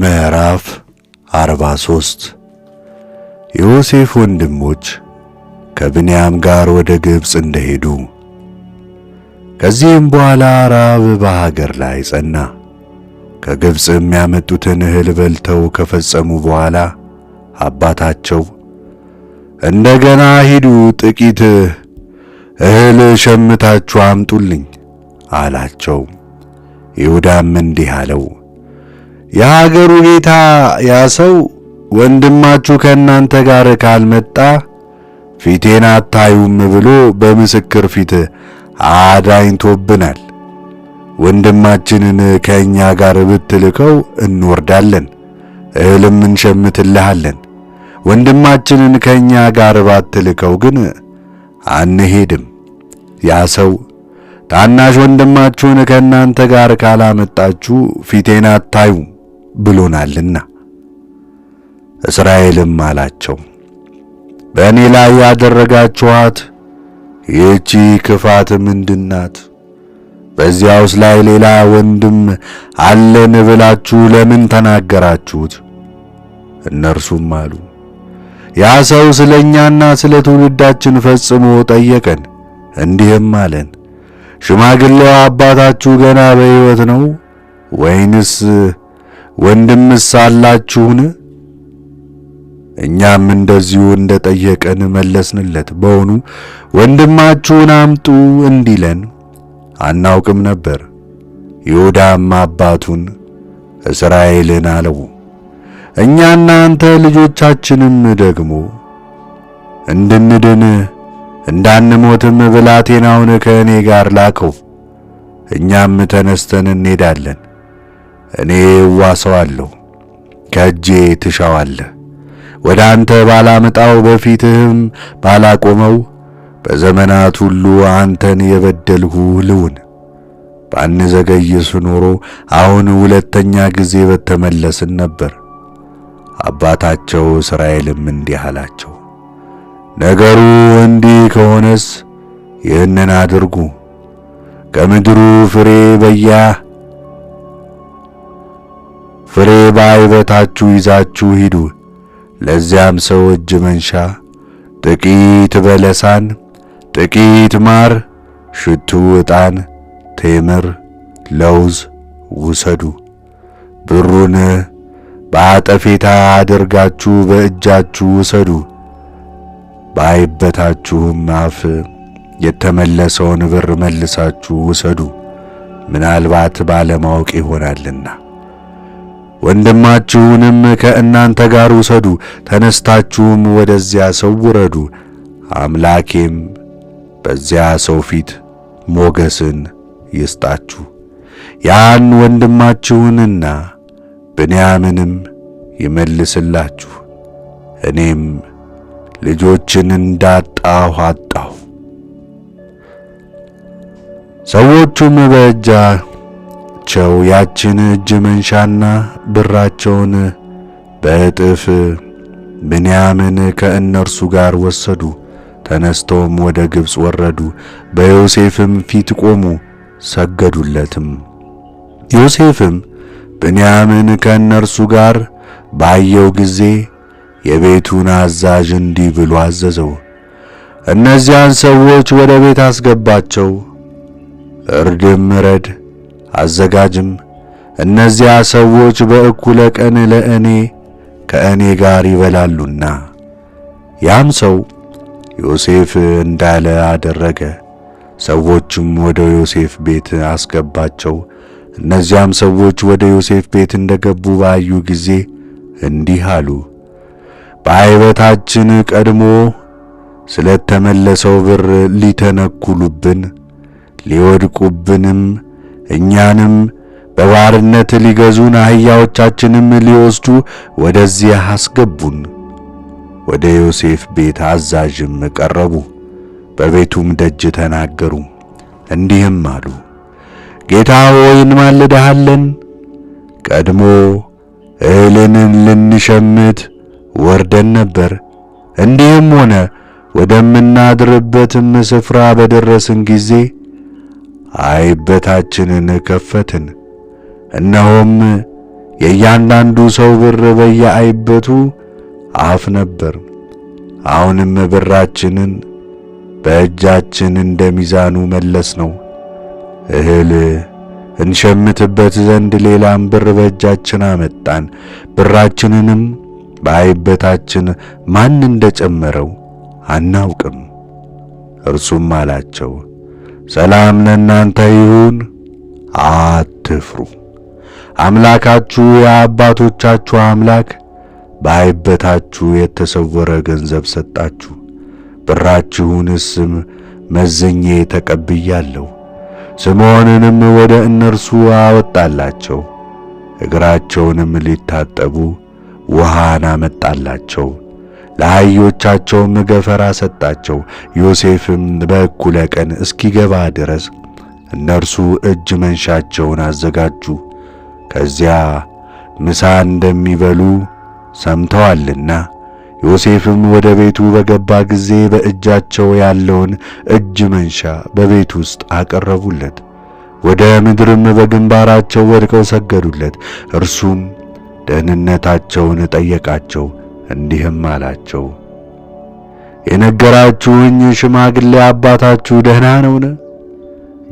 ምዕራፍ 43 ዮሴፍ ወንድሞች ከብንያም ጋር ወደ ግብፅ እንደሄዱ። ከዚህም በኋላ ራብ በሀገር ላይ ጸና። ከግብፅ ያመጡትን እህል በልተው ከፈጸሙ በኋላ አባታቸው እንደገና ሂዱ፣ ጥቂት እህል ሸምታችሁ አምጡልኝ አላቸው። ይሁዳም እንዲህ አለው፦ የሀገሩ ጌታ ያ ሰው ወንድማችሁ ከእናንተ ጋር ካልመጣ ፊቴን አታዩም ብሎ በምስክር ፊት አዳኝቶብናል። ወንድማችንን ከእኛ ጋር ብትልከው እንወርዳለን፣ እህልም እንሸምትልሃለን። ወንድማችንን ከእኛ ጋር ባትልከው ግን አንሄድም። ያ ሰው ታናሽ ወንድማችሁን ከእናንተ ጋር ካላመጣችሁ ፊቴን አታዩም ብሎናልና። እስራኤልም አላቸው በእኔ ላይ ያደረጋችኋት ይህቺ ክፋት ምንድናት? በዚያውስ ላይ ሌላ ወንድም አለን ብላችሁ ለምን ተናገራችሁት? እነርሱም አሉ ያ ሰው ስለ እኛና ስለ ትውልዳችን ፈጽሞ ጠየቀን፣ እንዲህም አለን ሽማግሌው አባታችሁ ገና በሕይወት ነው ወይንስ ወንድምስ አላችሁን? እኛም እንደዚሁ እንደ ጠየቀን መለስንለት። በውኑ ወንድማችሁን አምጡ እንዲለን አናውቅም ነበር። ይሁዳም አባቱን እስራኤልን አለው፣ እኛና አንተ ልጆቻችንም ደግሞ እንድንድን እንዳንሞትም ብላቴናውን ከእኔ ጋር ላከው። እኛም ተነስተን እንሄዳለን እኔ እዋሰዋለሁ፣ ከእጄ ትሻዋለህ። ወደ አንተ ባላመጣው በፊትህም ባላቆመው በዘመናት ሁሉ አንተን የበደልሁ ልውን ባንዘገይስ ኖሮ አሁን ሁለተኛ ጊዜ በተመለስን ነበር። አባታቸው እስራኤልም እንዲህ አላቸው፣ ነገሩ እንዲህ ከሆነስ ይህንን አድርጉ፣ ከምድሩ ፍሬ በያ ፍሬ በአይበታችሁ ይዛችሁ ሂዱ። ለዚያም ሰው እጅ መንሻ ጥቂት በለሳን፣ ጥቂት ማር፣ ሽቱ ዕጣን፣ ቴምር፣ ለውዝ ውሰዱ። ብሩን በአጠፌታ አድርጋችሁ በእጃችሁ ውሰዱ። በአይበታችሁም አፍ የተመለሰውን ብር መልሳችሁ ውሰዱ፣ ምናልባት ባለማወቅ ይሆናልና። ወንድማችሁንም ከእናንተ ጋር ውሰዱ፣ ተነስታችሁም ወደዚያ ሰው ውረዱ፣ አምላኬም በዚያ ሰው ፊት ሞገስን ይስጣችሁ። ያን ወንድማችሁንና ብንያምንም ይመልስላችሁ። እኔም ልጆችን እንዳጣሁ አጣሁ። ሰዎቹም በእጃ ሰጣቸው ያችን እጅ መንሻና ብራቸውን በእጥፍ ብንያምን ከእነርሱ ጋር ወሰዱ። ተነስተውም ወደ ግብፅ ወረዱ። በዮሴፍም ፊት ቆሙ፣ ሰገዱለትም። ዮሴፍም ብንያምን ከእነርሱ ጋር ባየው ጊዜ የቤቱን አዛዥ እንዲህ ብሎ አዘዘው፣ እነዚያን ሰዎች ወደ ቤት አስገባቸው፣ እርድም እረድ አዘጋጅም እነዚያ ሰዎች በእኩለ ቀን ለእኔ ከእኔ ጋር ይበላሉና። ያም ሰው ዮሴፍ እንዳለ አደረገ። ሰዎችም ወደ ዮሴፍ ቤት አስገባቸው። እነዚያም ሰዎች ወደ ዮሴፍ ቤት እንደገቡ ባዩ ጊዜ እንዲህ አሉ፣ ቀድሞ ስለተመለሰው ብር ሊተነኩሉብን ሊወድቁብንም እኛንም በባርነት ሊገዙን አህያዎቻችንም ሊወስዱ ወደዚህ አስገቡን። ወደ ዮሴፍ ቤት አዛዥም ቀረቡ። በቤቱም ደጅ ተናገሩ፣ እንዲህም አሉ። ጌታ ሆይ እንማልድሃለን፣ ቀድሞ እህልን ልንሸምት ወርደን ነበር። እንዲህም ሆነ፣ ወደምናድርበትም ስፍራ በደረስን ጊዜ አይበታችንን ከፈትን። እነሆም የእያንዳንዱ ሰው ብር በየአይበቱ አፍ ነበር። አሁንም ብራችንን በእጃችን እንደ ሚዛኑ መለስ ነው። እህል እንሸምትበት ዘንድ ሌላም ብር በእጃችን አመጣን። ብራችንንም በአይበታችን ማን እንደጨመረው አናውቅም። እርሱም አላቸው ሰላም ለእናንተ ይሁን፣ አትፍሩ። አምላካችሁ የአባቶቻችሁ አምላክ በአይበታችሁ የተሰወረ ገንዘብ ሰጣችሁ፣ ብራችሁንስም መዝኜ ተቀብያለሁ። ስምዖንንም ወደ እነርሱ አወጣላቸው፣ እግራቸውንም ሊታጠቡ ውሃን አመጣላቸው። ለአህዮቻቸውም ገፈራ ሰጣቸው። ዮሴፍም በእኩለ ቀን እስኪገባ ድረስ እነርሱ እጅ መንሻቸውን አዘጋጁ፣ ከዚያ ምሳ እንደሚበሉ ሰምተዋልና። ዮሴፍም ወደ ቤቱ በገባ ጊዜ በእጃቸው ያለውን እጅ መንሻ በቤት ውስጥ አቀረቡለት። ወደ ምድርም በግንባራቸው ወድቀው ሰገዱለት። እርሱም ደህንነታቸውን ጠየቃቸው። እንዲህም አላቸው፣ የነገራችሁኝ ሽማግሌ አባታችሁ ደህና ነውን?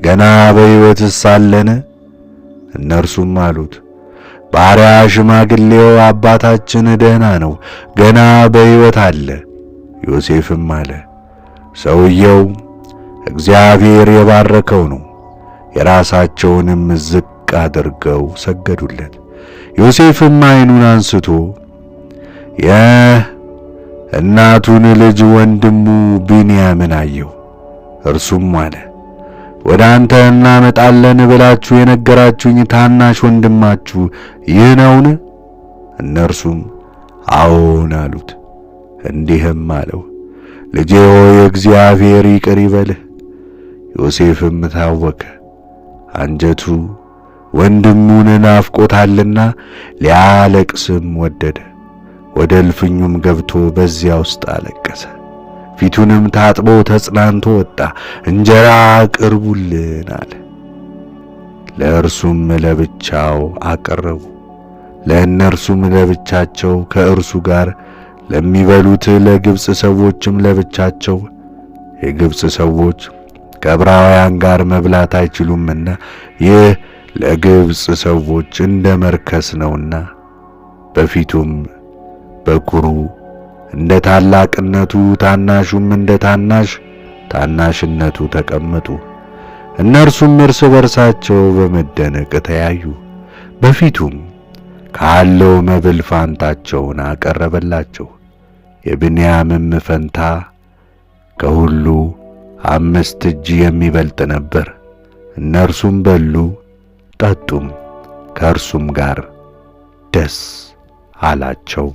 ገና በሕይወትስ ሳለን? እነርሱም አሉት ባሪያ ሽማግሌው አባታችን ደህና ነው፣ ገና በሕይወት አለ። ዮሴፍም አለ ሰውየው እግዚአብሔር የባረከው ነው። የራሳቸውንም ዝቅ አድርገው ሰገዱለት። ዮሴፍም ዓይኑን አንስቶ የእናቱን ልጅ ወንድሙ ቢንያምን አየው። እርሱም አለ ወደ አንተ እናመጣለን ብላችሁ የነገራችሁኝ ታናሽ ወንድማችሁ ይህ ነውን? እነርሱም አዎን አሉት። እንዲህም አለው ልጄ ሆይ እግዚአብሔር ይቅር ይበልህ። ዮሴፍም ታወከ፣ አንጀቱ ወንድሙን ናፍቆታልና ሊያለቅስም ወደደ። ወደ እልፍኙም ገብቶ በዚያ ውስጥ አለቀሰ። ፊቱንም ታጥቦ ተጽናንቶ ወጣ። እንጀራ አቅርቡልን አለ። ለእርሱም ለብቻው አቀረቡ። ለእነርሱም ለብቻቸው፣ ከእርሱ ጋር ለሚበሉት ለግብፅ ሰዎችም ለብቻቸው። የግብፅ ሰዎች ከዕብራውያን ጋር መብላት አይችሉምና ይህ ለግብፅ ሰዎች እንደ መርከስ ነውና በፊቱም በኩሩ እንደ ታላቅነቱ፣ ታናሹም እንደ ታናሽ ታናሽነቱ ተቀመጡ። እነርሱም እርስ በርሳቸው በመደነቅ ተያዩ። በፊቱም ካለው መብል ፋንታቸውን አቀረበላቸው። የብንያምም ፈንታ ከሁሉ አምስት እጅ የሚበልጥ ነበር። እነርሱም በሉ ጠጡም፣ ከእርሱም ጋር ደስ አላቸው።